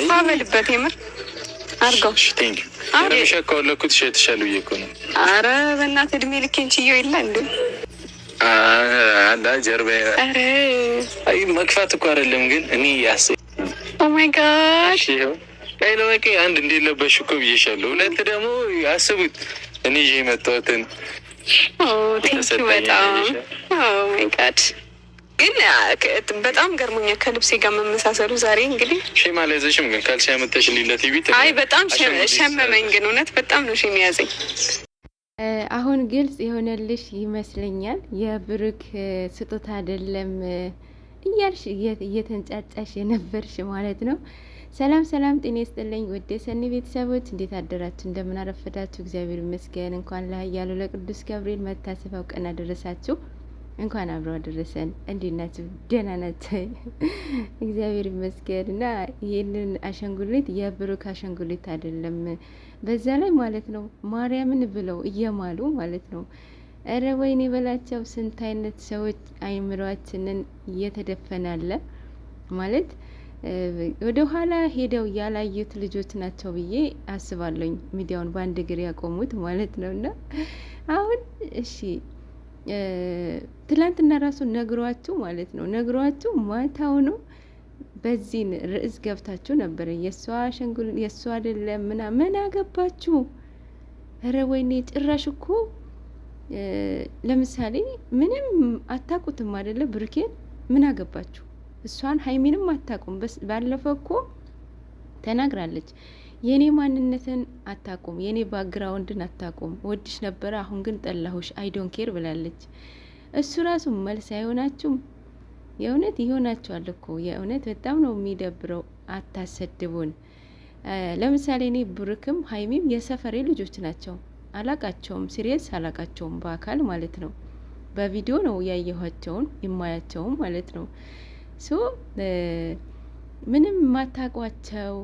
ደፋ በልበት የምር አድርገው ረሻ ከወለኩት ሸትሻል ነው። አረ በእናትህ እድሜ ልኬን ችዬው የለ እንዴ አላ ጀርባ አይ መግፋት እኮ አይደለም ግን እኔ ያስ ኦማይ ጋድ ቀይ ለበቀ አንድ እንዴት ለበሽ እኮ ብዬሻለሁ። ሁለት ደግሞ አስቡት እኔ ይዤ የመጣሁትን oh, በጣም ኦማይ ጋድ oh ግን በጣም ገርሞኛ ከልብሴ ጋር መመሳሰሉ። ዛሬ እንግዲህ ሼም አልያዘሽም፣ ግን ካልሲ ያመጠሽ ሊለት ቢት አይ በጣም ሸመመኝ፣ ግን እውነት በጣም ነው ሼም ያዘኝ። አሁን ግልጽ የሆነልሽ ይመስለኛል። የብሩክ ስጦታ አይደለም እያልሽ እየተንጫጫሽ የነበርሽ ማለት ነው። ሰላም ሰላም፣ ጤና ይስጥልኝ ወደ ሰኒ ቤተሰቦች እንዴት አደራችሁ? እንደምን አረፈዳችሁ? እግዚአብሔር ይመስገን። እንኳን ለኃያሉ ለቅዱስ ገብርኤል መታሰቢያው ቀን አደረሳችሁ። እንኳን አብሮ አደረሰን። እንዴ ናችሁ? ደህና ናቸው? እግዚአብሔር ይመስገን። እና ይህንን አሻንጉሊት የብሩክ አሻንጉሊት አይደለም፣ በዛ ላይ ማለት ነው ማርያምን ብለው እየማሉ ማለት ነው። እረ ወይን በላቸው። ስንት አይነት ሰዎች አይምሯችንን እየተደፈናለ ማለት ወደ ኋላ ሄደው ያላዩት ልጆች ናቸው ብዬ አስባለኝ። ሚዲያውን በአንድ እግር ያቆሙት ማለት ነው እና አሁን እሺ ትላንትና ራሱ ነግሯችሁ ማለት ነው ነግሯችሁ ማታው ነው በዚህ ርዕስ ገብታችሁ ነበረ። የእሷ ሸንጉል የእሷ አይደለም ምናምን ምን አገባችሁ? እረ ወይኔ ጭራሽ እኮ ለምሳሌ ምንም አታቁትም አይደለ? ብሩኬን ምን አገባችሁ? እሷን ሀይሚንም አታቁም። ባለፈው እኮ ተናግራለች የኔ ማንነትን አታቁም፣ የኔ ባግራውንድን አታቁም። ወድሽ ነበረ፣ አሁን ግን ጠላሁሽ፣ አይዶን ኬር ብላለች። እሱ ራሱ መልስ አይሆናችሁም። የእውነት ይሆናችኋል እኮ የእውነት በጣም ነው የሚደብረው። አታሰድቡን። ለምሳሌ እኔ ብሩክም ሀይሚም የሰፈሬ ልጆች ናቸው። አላቃቸውም፣ ሲሪየስ አላቃቸውም፣ በአካል ማለት ነው። በቪዲዮ ነው ያየኋቸውን የማያቸውም ማለት ነው ሶ ምንም ማታቋቸው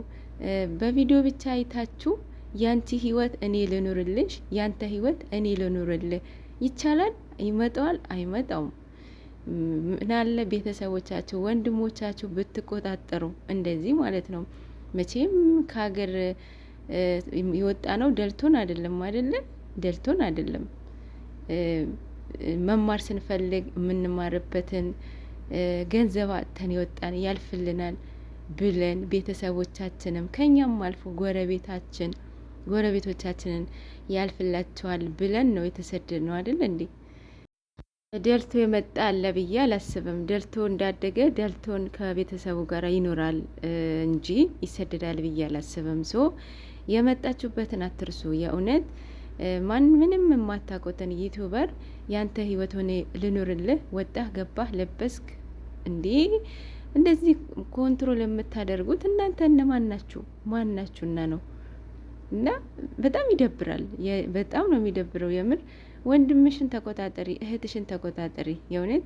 በቪዲዮ ብቻ አይታችሁ ያንቺ ህይወት እኔ ልኑርልሽ፣ ያንተ ህይወት እኔ ልኑርልህ ይቻላል። ይመጣዋል አይመጣውም። ምናለ ቤተሰቦቻችሁ ወንድሞቻችሁ ብትቆጣጠሩ እንደዚህ ማለት ነው። መቼም ከሀገር የወጣ ነው ደልቶን አይደለም፣ አይደለም ደልቶን አይደለም። መማር ስንፈልግ የምንማርበትን ገንዘብ አጥተን ይወጣን ያልፍልናል። ብለን ቤተሰቦቻችንም ከኛም አልፎ ጎረቤታችን ጎረቤቶቻችንን ያልፍላቸዋል ብለን ነው የተሰደድ ነው አይደል እንዴ? ደልቶ የመጣ አለ ብዬ አላስብም። ደልቶ እንዳደገ ደልቶን ከቤተሰቡ ጋር ይኖራል እንጂ ይሰደዳል ብዬ አላስብም። ሶ የመጣችሁበትን አትርሱ። የእውነት ማን ምንም የማታቆትን ዩቱበር ያንተ ህይወት ሆኔ ልኑርልህ ወጣህ ገባህ ለበስክ እንዴ እንደዚህ ኮንትሮል የምታደርጉት እናንተ እነማን ናችሁ? ማን እና ነው? እና በጣም ይደብራል። በጣም ነው የሚደብረው የምር። ወንድምሽን ተቆጣጠሪ፣ እህትሽን ተቆጣጠሪ። የእውነት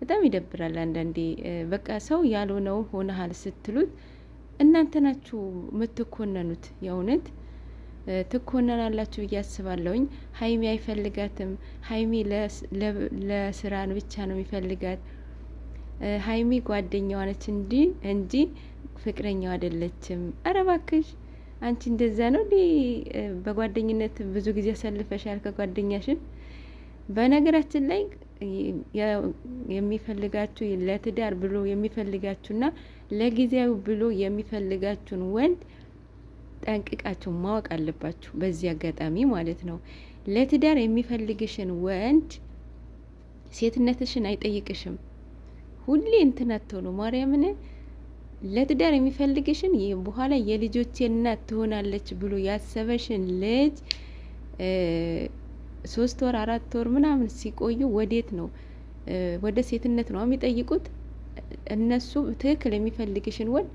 በጣም ይደብራል አንዳንዴ። በቃ ሰው ያልሆነው ሆነሃል ስትሉት እናንተ ናችሁ የምትኮነኑት። የእውነት ትኮነናላችሁ ብዬ አስባለሁኝ። ሀይሚ አይፈልጋትም። ሀይሚ ለስራን ብቻ ነው የሚፈልጋት ሀይሚ ጓደኛዋ ነች እንዲ እንጂ ፍቅረኛው አይደለችም። አረ እባክሽ አንቺ እንደዛ ነው እንዲ በጓደኝነት ብዙ ጊዜ አሳልፈሻል ከጓደኛሽን። በነገራችን ላይ የሚፈልጋችሁ ለትዳር ብሎ የሚፈልጋችሁና ለጊዜያዊ ብሎ የሚፈልጋችሁን ወንድ ጠንቅቃችሁ ማወቅ አለባችሁ። በዚህ አጋጣሚ ማለት ነው ለትዳር የሚፈልግሽን ወንድ ሴትነትሽን አይጠይቅሽም። ሁሌ እንትን ትሆኑ ማርያምን ለትዳር የሚፈልግሽን ይህ በኋላ የልጆቼ እናት ትሆናለች ብሎ ያሰበሽን ልጅ ሶስት ወር አራት ወር ምናምን ሲቆዩ ወዴት ነው ወደ ሴትነት ነው የሚጠይቁት። እነሱ ትክክል የሚፈልግሽን ወንድ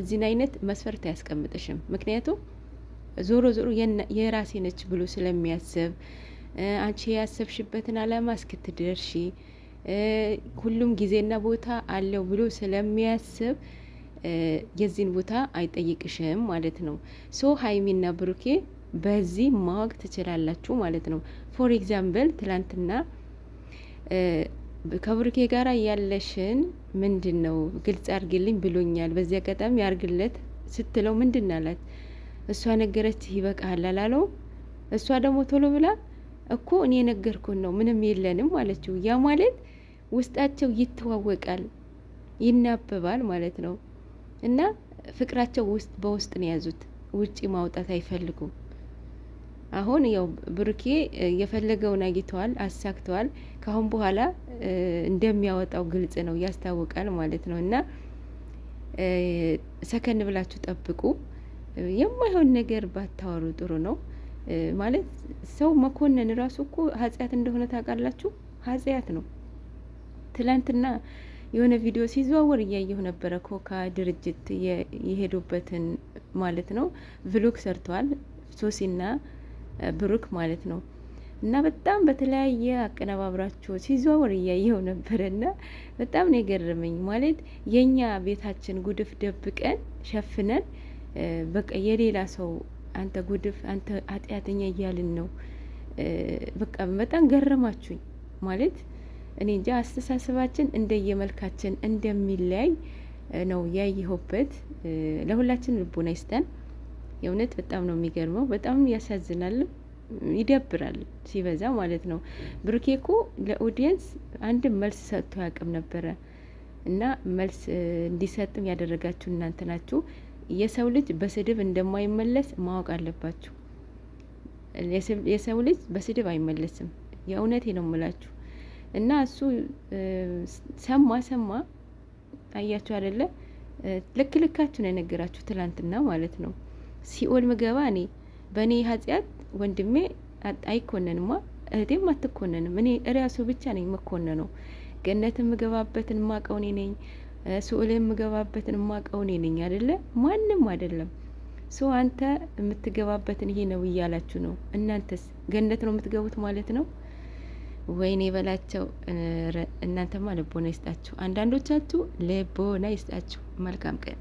እዚህን አይነት መስፈርት አያስቀምጥሽም። ምክንያቱም ዞሮ ዞሮ የራሴ ነች ብሎ ስለሚያስብ አንቺ ያሰብሽበትን አላማ እስክትደርሺ ሁሉም ጊዜና ቦታ አለው ብሎ ስለሚያስብ የዚህን ቦታ አይጠይቅሽም ማለት ነው። ሶ ሀይሚና ብሩኬ በዚህ ማወቅ ትችላላችሁ ማለት ነው። ፎር ኤግዛምፕል ትላንትና ከብሩኬ ጋር ያለሽን ምንድን ነው ግልጽ አርግልኝ ብሎኛል፣ በዚህ አጋጣሚ አርግለት ስትለው ምንድን አላት? እሷ ነገረች ይበቃሃል አላለው። እሷ ደግሞ ቶሎ ብላ እኮ እኔ የነገርኩን ነው ምንም የለንም አለችው። ያ ማለት ውስጣቸው ይተዋወቃል፣ ይናበባል ማለት ነው እና ፍቅራቸው ውስጥ በውስጥ ነው የያዙት። ውጪ ማውጣት አይፈልጉም። አሁን ያው ብሩኬ የፈለገውን አግኝተዋል፣ አሳክተዋል። ካሁን በኋላ እንደሚያወጣው ግልጽ ነው፣ ያስታውቃል ማለት ነው እና ሰከን ብላችሁ ጠብቁ። የማይሆን ነገር ባታወሩ ጥሩ ነው። ማለት ሰው መኮነን ራሱ እኮ ኃጢአት እንደሆነ ታውቃላችሁ። ኃጢአት ነው። ትላንትና የሆነ ቪዲዮ ሲዘዋወር እያየሁ ነበረ። ኮካ ድርጅት የሄዱበትን ማለት ነው ቭሎግ ሰርተዋል ሶሲና ብሩክ ማለት ነው። እና በጣም በተለያየ አቀነባብራቸው ሲዘዋወር እያየው ነበረ። እና በጣም ነው የገረመኝ ማለት የእኛ ቤታችን ጉድፍ ደብቀን ሸፍነን በቃ የሌላ ሰው አንተ ጉድፍ አንተ ኃጢአተኛ እያልን ነው። በቃ በጣም ገረማችሁኝ ማለት እኔ እንጃ አስተሳሰባችን እንደየመልካችን እንደሚለያይ ነው ያየሁበት። ለሁላችን ልቦና ይስጠን የእውነት በጣም ነው የሚገርመው። በጣም ያሳዝናል፣ ይደብራል ሲበዛ ማለት ነው። ብሩኬ እኮ ለኦዲየንስ አንድም መልስ ሰጥቶ ያቅም ነበረ እና መልስ እንዲሰጥም ያደረጋችሁ እናንተ ናችሁ። የሰው ልጅ በስድብ እንደማይመለስ ማወቅ አለባችሁ። የሰው ልጅ በስድብ አይመለስም። የእውነቴ ነው የምላችሁ። እና እሱ ሰማ ሰማ አያችሁ አደለ ልክ ልካችሁን የነገራችሁ ትላንትና ማለት ነው። ሲኦል ምገባ እኔ በእኔ ኃጢአት ወንድሜ አይኮነንማ፣ እህቴም አትኮነንም። እኔ እራሱ ብቻ ነኝ መኮነነው። ገነትን ምገባበትን ማቀው እኔ ነኝ። ምገባበትን ማቀው እኔ ነኝ ማንም አይደለም። ሶ አንተ የምትገባበትን ይሄ ነው እያላችሁ ነው። እናንተስ ገነት ነው የምትገቡት ማለት ነው። ወይኔ በላቸው። እናንተማ ልቦና ይስጣችሁ፣ አንዳንዶቻችሁ ልቦና ይስጣችሁ። መልካም ቀን